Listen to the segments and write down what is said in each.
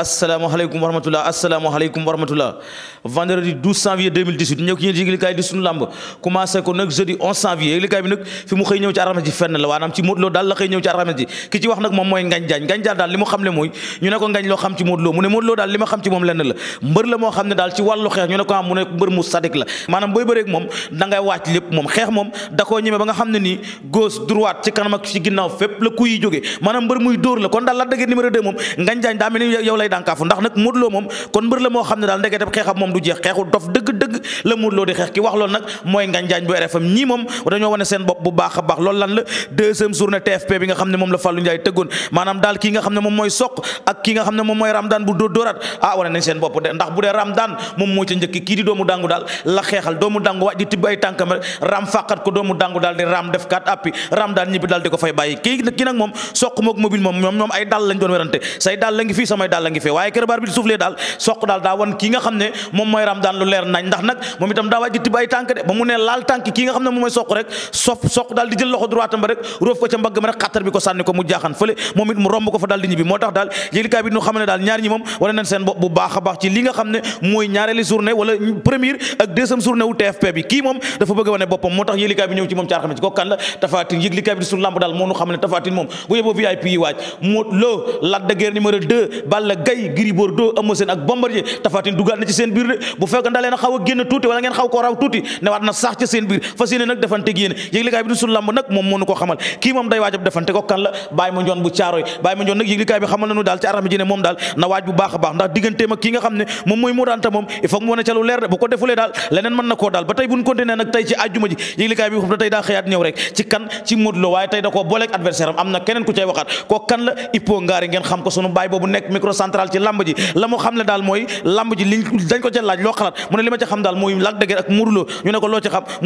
asalaamaaleykum wa rahmatulah asalaamaaleykum wa rahmatulah vendredi 12 janvier 2018 ñëw di sunu làmb commencé ko nag jeudi 11 janvier bi nag fi mu xëy ñëw ci alxames ji fenn la waanaam ci Modou daal la xëy ñëw ci alxames ji ki ci wax nag moom mooy Ngagne Diagne Ngagne Diagne daal li mu xam le mooy ñu ne ko Ngagne loo xam ci Modou mu ne Modou daal li ma xam ci moom lenn la mbër la moo xam ne daal ci wàllu xeex ñu ne ko am ah, mu ne mbër mu sadik la maanaam booy ba nga moom Ngagne Diagne lay dànkaafu ndax nag Modou Lo moom kon xeexam moom du jeex dof dëgg-dëgg la Modou di xeex ki wax loolu nag mooy nganjaañ bu RFM ñii moom dañoo wane seen bopp bu baax a lan la deuxième journée TFP bi nga xam ne moom la Fallou Ndiaye tëggoon maanaam daal kii nga xam ne moom mooy soq ak kii nga xam ne moom mooy Ramdan bu dóor ah wane nañ seen bopp de ndax bu dee Ramdan moom moo ca njëkk kii di doomu dàngu daal la xeexal doomu dàngu waaj di tibb ay ngi waaye kër baar bi di daal soq daal daa wan kii nga xam ne moom mooy ram daan leer nañ ndax nag moom itam daa waaj di tibb ay tànk de ba mu ne laal tànk kii nga xam ne moom mooy soq rek soq daal di jël loxo droitam ba rek róof ko ca mbagg ma rek xattar bi ko sànni ko mu jaaxan fële moom it mu romb ko fa daal di ñibbi moo tax daal yëglikaay bi ñu xam daal a moo nu xam ne tafatin moom bu yeboo VIP yi waaj moo loo Lac de Guiers numéro ak Gaye Gris Bordeaux ak Bombardier Tapha Tine dugaat na ci seen biir de bu fekkoon da leen a xaw a génn tuuti wala ngeen xaw koo raw tuuti newaat na sax ci seen biir fas yéene nag defante yéen yëglikaay bi bi xamal na waaj daal ba tey buñ continuer nag tey ci àjjuma ji yëglikaay bi xam ne tey daa xëyaat ñëw rek ci kan ci Modou waaye tey da koo booleeg adversaire am na keneen ku cay waxaat ko kan la Ipo Ngari ngeen xam ko sunu baay boobu central ci lamb ji la xam ne daal mooy lamb ji liñ dañ ko ca laaj loo xalaat mu ne xam daal mooy Lac de ak Modou ñu ne ko loo nekk na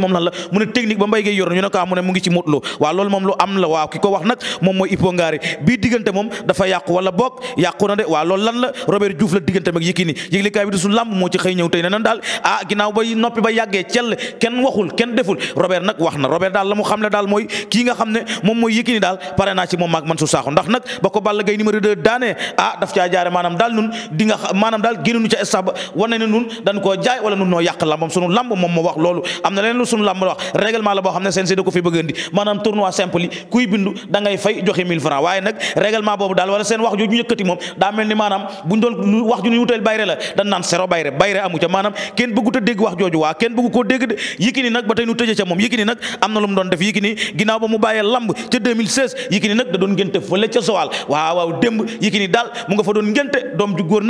moom la mu technique ba mbay gay yor ñu ne ko mu ne mu ngi ci Modou Lô moom lu am la waaw ki ko wax nag moom mooy Hippo Ngary bii diggante moom dafa yàqu wala boog yàqu na de waaw loolu lan la Robert Diouf la diggante mag Yékini yëglekaay bi di su làmb moo ci xëy ñëw tey ah, la mu xam le ah, moom moo wax loolu am na leneen lu sunu lamb wax règlement la boo xam ne seen si ko fi maanaam tournoi simple yi bindu da fay joxe 1000 francs waaye nag règlement boobu daal wala seen wax ju ñu yëkkati moom daa mel ni maanaam buñ doon wax ju ñu wutal bayre la dañ naan sero bayre bayre amu ca maanaam kenn bëggut a dégg wax jooju waa kenn bëggu koo dégg de nag ba tey nu tëjee ca moom Yékini nag am na lu mu doon def Yékini ginnaaw ba mu bàyyee lamb ca 2016 nag da doon ngénte fële ca Sowal waaw waaw démb daal mu nga fa doon ngénte doom ju góor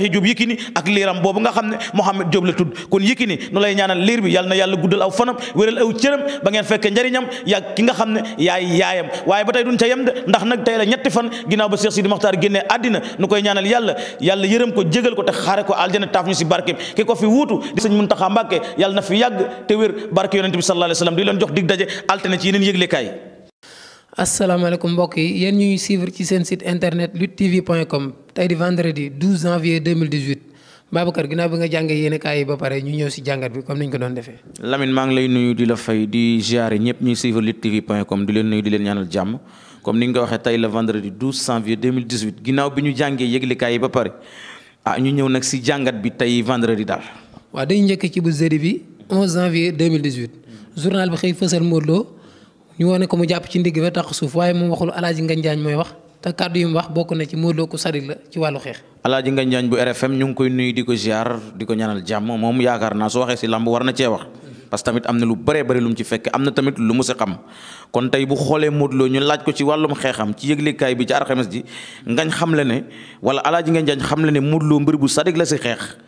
Cheikh Diop Yékini ak liiram boobu nga xam ne Mouhamed Diop la tudd kon Yékini nu lay ñaanal liir bi yàlla na yàlla guddal aw fanam wéral aw cëram ba ngeen fekke njariñam yaag ki nga xam ne yaay yaayam waaye ba tey duñ ca yem ndax nag tey la ñetti fan ginnaaw ba Cheikh Sidi Mokhtar génnee àddina nu koy ñaanal yàlla yàlla yërëm ko jégal ko te xaare ko aljana taaf ñu si barkeem ki ko fi wuutu di sëñ Muntaxa Mbàkke yàlla na fi yàgg te wér barke yonente bi sallallahu alayhi wa sallam di leen jox dig daje altine ci yeneen yëglekaay asalaamaaleykum mbokk yi yéen ñuy suivre ci seen site internet luttetv.com tey di vendredi janvier 2018 ginnaaw bi nga jàngee yéen kaay yi ba pare ñu ñëw si jàngat bi comme ni ñu nga waxee tey la vendredi ginnaaw bi ñu jàngee yëglikaay yi ba pare ah ñu ñëw nag si jàngat bi tey vendredi daal. waaw day njëkk ci bu jeudi bi journal bi xëy fësal Modou Lo ñu wane ko mu jàpp ci ndigg ba tax suuf waaye moom waxul alaaji Nganjaañ mooy wax te kàddu yi wax bokk na ci Modou Lo ku sarit la ci wàllu xeex. alaaji Nganjaañ bu RFM ñu ngi koy nuyu di ko ziar di ko ñaanal jàmm moom yaakaar naa su waxee si làmb war na cee wax. parce que tamit am na lu bëree bëri lu mu ci fekk am na lu mu si xam kon tey bu xoolee Modou Lo ñu laaj ko ci wàllum xeexam ci yëglekaay bi ci alxames ji ngañ xam la ne wala alaaji Nganjaañ xam la ne Modou Lo mbir bu sadik la si xeex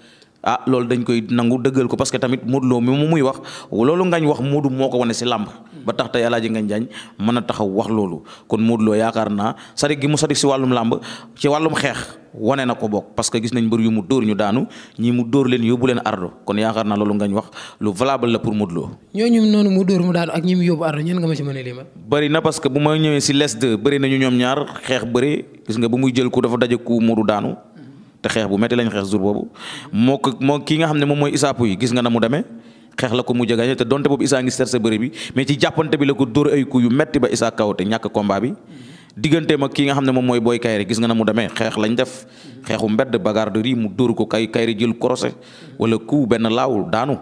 ah loolu dañ koy nangu dëggal ko parce que tamit mu Lo mi mu muy wax loolu ngañ wax Modou moo ko wane si làmb ba tax te yàlla Alaaji nga Diagne mën a taxaw wax loolu kon mu Lo yaakaar naa sarik mu sarik si wàllum làmb ci wàllum xeex wane na ko bokk parce que gis nañ mbër yu mu dóor ñu daanu ñi mu dóor leen yóbbu leen ardo kon yaakaar naa loolu ngañ wax lu valable la pour Modou Lo. ñooñu noonu mu dóor mu daanu ak ñi mu yóbbu ardo ñen nga ma ci mën a limal. bëri na que bu ma ñëwee si les deux bëri nañu ñoom ñaar xeex bëri gis nga bu muy jël ku dafa daje ku Modou daanu te xeex bu metti lañ xeex jour boobu moo ko moo kii nga xam ne moom mooy Issa Pouye gis nga na mu demee xeex la ko mujj a gagné te donte boobu Issa ngi serse bëre bi mais ci jàppante bi ko dóor ay coups yu metti ba Issa kaw te ma kii nga xam ne moom mooy booy kayri gis nga mu demee xeex lañ def xeexu mbedd bagarre de rue mu dóor ko kay kayri jël croisé wala coup benn laawul daanu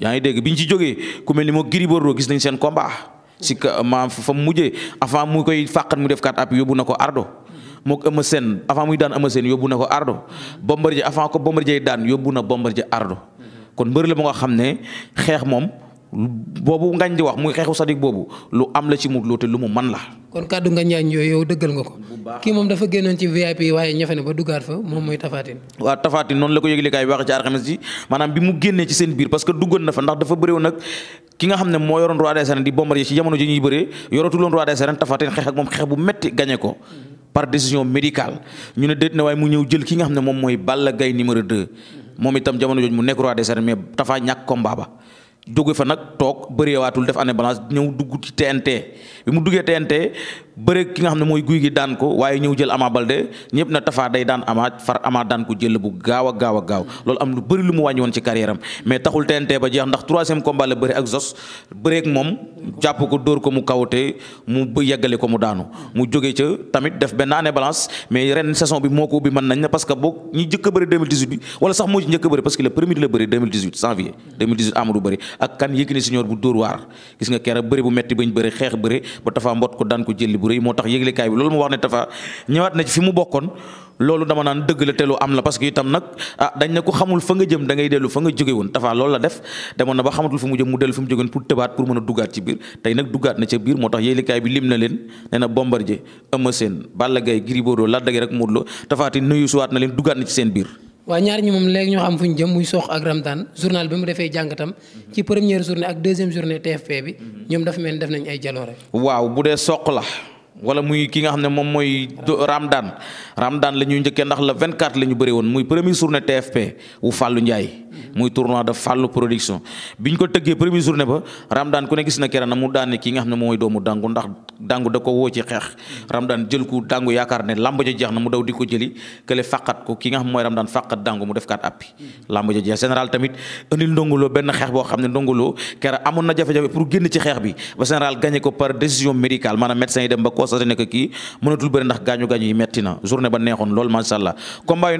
yaa ngi dégg biñ ci jógee ku mel ni moo Gris gis nañ seen combat si ma fa mujjee avant mu koy fàqat mu def kat app yóbbu na ko ardo mook Eumeu Sène avant muy daan Eumeu yóbbu na ko ardo Bombardier avant ko Bombardier daan yóbbu na Bombardier ardo kon mbër la xam ne xeex moom boobu ngañ di wax mu nga na ba duggaat fa moom mooy Tafatine. waaw Tafatine la ko yëgle xam ne moo yoroon roi des arènes di Bombardier ci jamono ji xeex moom bu metti gañe ko. par décision médicale ñu ne déet na waaye mu ñëw jël ki nga xam ne moom mooy bala gay numéro 2. moom itam jamono jooju mu nekk roi des arènes mais Tapha ñàkk combat ba jóge fa nag toog bëreewaatul def ne balance ñëw dugg ci TNT bi mu duggee TNT bëre ki nga xam ne mooy guy gi daan ko waaye ñëw jël Ama Baldé ñëpp na Tapha day daan Ama far amaa daan ko jël bu gaaw a gaaw a gaaw loolu am lu bëri lu mu wàññi woon ci carrière am mais taxul TNT ba jeex ndax troisième combat la bëri ak Zos bëreeg moom jàpp ko ko mu ko mu daanu mu jógee ca tamit def a bëri 2018 bi a bëri parce que bëri 2018 janvier 2018 Amadou bu metti bañ bëri xeex bëri ba Tapha mbot ko daan ko jël bu rëy moo tax yëglekaay bi loolu mu wax ne Tapha ñëwaat na ci fi mu bokkoon loolu dama naan dëgg la te am la parce itam nag ah, dañ ne ko xamul fa nga jëm muy Sokh ak Ramdaan journal bi mu defee jàngatam ci première journée ak deuxième journée TFP bi ñoom dafa mel def nañ ay jaloore waaw bu dee Sokh la wala muy ki nga xam ne moom mooy Ramdan Ramdan la ñuy njëkkee ndax le 24 la ñu bëri woon muy première journée TFP wu Fallou Ndiaye muy tournoi de Fallou production biñ ko tëggee première journée ba Ramdan ku ne gis na kera na mu daane ki nga xam ne moom mooy doomu dangu ndax dangu da ko woo yaakaar ne làmb ja jeex na mu di ko ki nga xam mooy Ramdan fàqat dangu mu def kaat appi làmb boo xam ne ndongoloo kera amoon na jafe-jafe pour génn ci xeex bi ba général gagné ko par décision médicale maanaam médecin yi dem ba constaté ne que kii mënatul bëri ndax gaañu gaañu yi metti na journée ba neexoon lool macha allah combat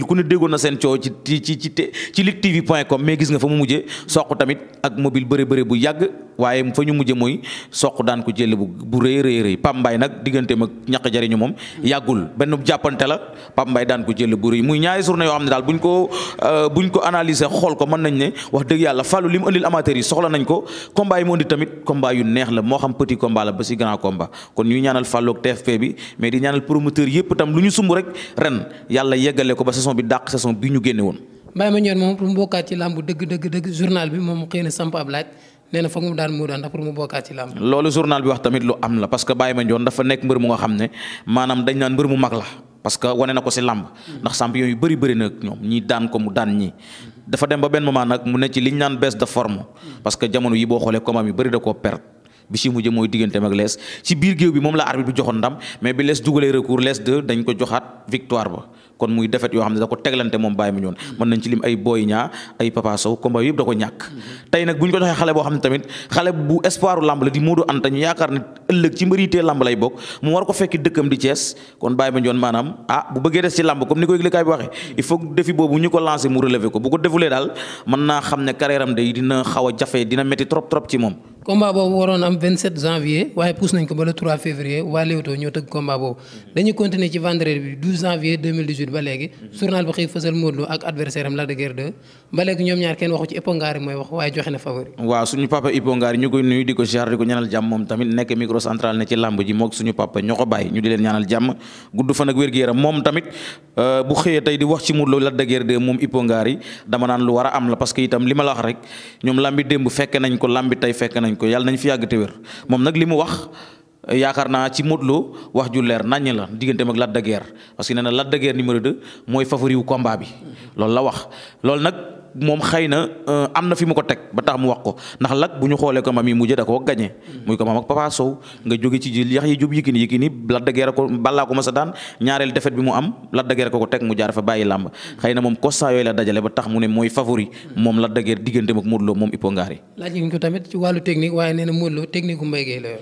yu ne déggoon na seen coow ci ci ci ci ci Lutte TV point mu mujjee tamit ak mobile daan ko jël ko jël bu rëy muy ñaari journée yoo xam ne daal buñ ko euh, buñ ko analyser xool ko mën nañ ne wax dëgg yàlla fàllu combat yu neex la moo xam petit combat la ba si grand combat kon ñuy ñaanal fàlloog TFP bi mais di ñaanal promoteur yëpp itam lu ñu sumb rek ren yàlla yeggale ko ba saison bi dàq saison bi moom mu bokkaat ci samp ab laaj. nee na foog mu daan Modou Anta mu bokkaat ci làmb. loolu journal bi wax tamit lu am la parce que Baye Mandione dafa nekk mbër mu nga xam ne maanaam dañ naan mbër mu mag la parce wane na ko si làmb. ndax champion yu bëri bëri dafa dem ba benn moment nag mu ne ci liñ naan baisse de forme parce que jamono yi boo xoolee combat yi bëri da koo perte bi si mujj mooy digganteem ak lees ci biir géew bi moom la arbitre bi joxoon ndam mais bi lees dugalee recours lees 2 dañ ko joxaat victoire ba kon muy defet yoo xam ne da ko teglante moom bàyyi mu ñoon mën nañ ci lim ay Boy Niang ay ko Sow combat yëpp da ko ñàkk tey nag bu ñu ko joxee xale boo xam ne tamit xale bu espoiru lamb la di Modou Anta ñu yaakaar ne ëllëg ci lamb lay bokk mu war ko fekki dëkkam di Thiès kon bàyyi mu ñoon maanaam ah bu bëggee des ci lamb comme ni ko yëglekaay bi waxee il faut défi boobu ñu ko lancé mu relever ko bu ko defulee daal mën naa xam ne carrière am day dina xaw a jafe dina métti trop trop ci moom combat boobu waroon am 27 janvier waaye pousse nañ ko ba le février waa Leewtoo ñoo tëgg combat boobu. dañuy continuer ci vendredi bi janvier ba léegi. journal bi xëy fësal Modou ak adversaire am Lac de suñu papa Ipongari ñu ñu di leen ñaanal jàmm gudd fan ak wér-gu-yaram moom tamit euh, bu xëyee tey di wax ci Modou Lo Lac de Guiers 2 dama naan lu war am la parce que itam li rek ñoom lambi démb fekk nañ ko lambi tey fekk nañ ko yàlla nañ fi yàgg te wér moom nag li mu wax yaakaar na ci Modou Lo wax ju leer la digganteem ak Lac de Guiers parce que nee na Lac de mooy favori wu combat bi loolu la wax loolu nag moom xëy na euh, am na fi mu ko teg ba tax mu wax ko ndax lak bu ñu xoolee ko mam yi mujjë da koo gagné muy ko mam ak Papa nga jóge ci jël yax yi jub Yékini Yékini Lac de Guiers ko ballaa ko masa daan ñaareel defet bi mu am la de Guiers ko ko teg mu jaar fa bàyyi làmb xëy na moom constat yooyu la dajale ba tax mu ne mooy favori moom la de Guiers digganteem ak Modou moom Ipo Ngari laaj ñu ko tamit wàllu technique waaye nee na Modou Lo technique bu Mbaye Guèye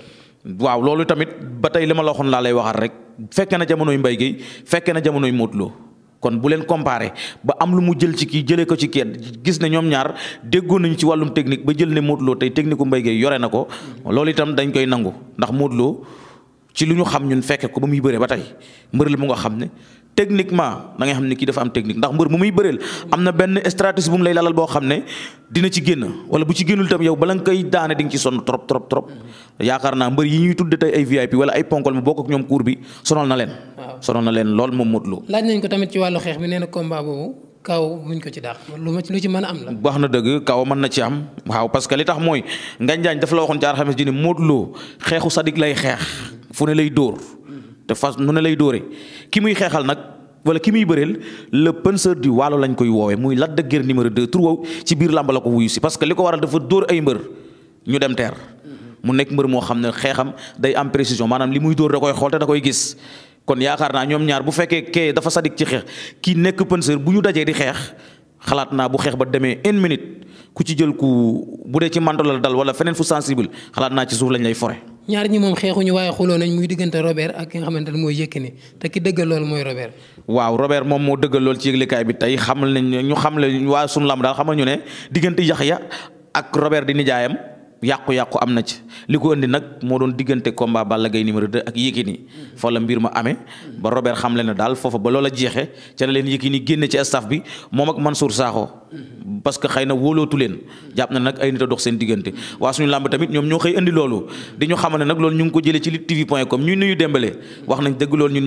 waaw loolu tamit ba tey li la waxoon laa lay waxaat rek fekke na jamonoy Mbaye Guèye fekke na jamonoy Modou kon bu leen comparé ba am lu mu jël ci kii jëlee ko ci kenn gis ne ñoom ñaar déggoo nañu ci wàllum technique ba jël ne Modou tey technique u Mbaye yore na ko loolu itam dañ koy nangu ndax Modou Lo ci lu ñu xam ñun fekke ko ba muy bëree ba tey mbër mu nga xam ne techniquement da nga xam ne kii dafa am technique ndax mbër mu muy bëreel am na benn stratégie bu mu lay boo xam ne dina génn wala bu ci tam yow bala nga koy daane di nga ci sonn trop trop trop yaakaar naa mbër yi ñuy tudde tey ay VIP wala ay ponkol mu bokk ak ñoom cour bi sonal na leen. sonal na leen moom Modou Lo. laaj nañ ko tamit ci wàllu xeex bi nee na combat boobu. kaw muñ ko ci daax lu ci lu am la. wax na dëgg kaw mën na ci am waaw parce li tax mooy Ngañ Jaañ dafa la waxoon ci alxames ji ne Modou Lo xeexu sadik lay xeex fu ne lay dóor te fas nu ne lay dóore ki muy xeexal nag wala ki muy bëreel le penseur du waalo lañ koy woowe muy Lac de Guiers numéro 2 tur wow ci biir làmb la ko wuyu si parce que li ko waral dafa dóor ay mbër ñu dem teer mu nekk mbër moo xam ne xeexam day am précision maanaam li muy dóor da koy xool da koy gis kon yaakaar naa ñoom ñaar bu fekkee kee dafa sadik ci xeex kii nekk penseur bu ñu dajee di xeex xalaat naa bu xeex ba demee une minute ku ci jël ku bu dee ci manto la dal wala feneen fu sensible xalaat naa ci suuf lañ lay fore ñaar ñi moom xeexuñu waaye xuloo nañ muy diggante Robert ak ki nga xamante ne mooy Yékini te ki dëggal loolu mooy Robert. waaw Robert moom moo dëggal loolu ci yëglekaay bi tey xamal ne ñu xam leen waa sunu lamb daal xamal ñu ne diggante Yaxya ak Robert di nijaayam yàqu-yàqu am na ci li ko indi nag moo doon diggante combat Balla gay numéro de ak Yékini fa la mbir ma amee ba Robert xam leen na daal foofa ba loola jeexee ca la leen Yékini génne ci staff bi moom ak Mansour Sakho parce que xëy na wóolootu leen jàpp na nag ay nit a dox seen diggante waa suñu làmb tamit ñoom ñoo xëy indi loolu di ñu xamal ne nag loolu ñu ngi ko jëlee ci Lutte TV point com ñuy nuyu Dembélé wax nañ dëgg loolu ñu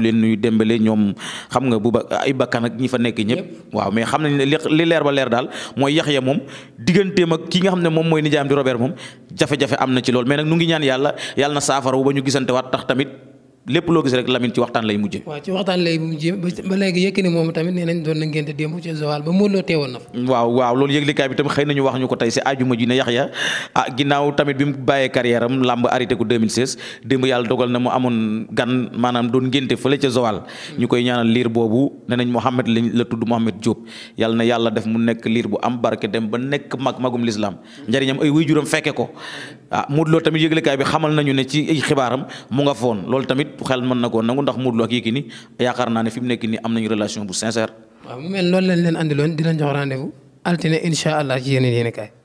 leen nuyu Dembélé ñoom xam nga bu ba ay bakkan ak ñi fa nekk ñëpp waaw mais xam nañ ne li leer ba leer daal mooy Yaxya moom digganteem ak ki nga xam ne moom mooy nijaayam di Robert moom jafe-jafe am na ci loolu mais nag nu ngi ñaan yàlla yàlla na saafara ba ñu gisante waat tamit lépp loo gis rek Lamine ci waxtaan lay mujjee. waaw ci waxtaan lay mujjee ba léegi Yékini moom tamit nee nañ doon na ngénte démb ci Joal ba Modou Lo teewoon na fa. waaw waaw loolu yëglikaay bi tam xëy nañu wax ñu ko tey si ajuma ji ne Yaxya ah, ginnaaw tamit bi mu bàyyee carrière làmb arrêté ko mu liir boobu ne nañ Mouhamed lañ la tudd Mouhamed Diop na yàlla def mu nekk liir bu am barke dem ba nekk mag magum lislaam njariñam ay waajuram fekke ko ah Modou Lo tamit yëglikaay bi xamal nañu ne ci ay xibaaram mu nga foon loolu tamit ñëpp xel mën na koo nangu ndax Modou Lo ak Yékini yaakaar naa ne fi mu nekk nii am nañu relation bu sincère. waaw mu mel loolu lañ leen andiloon di leen jox rendez vous altine incha allah ci yeneen yéen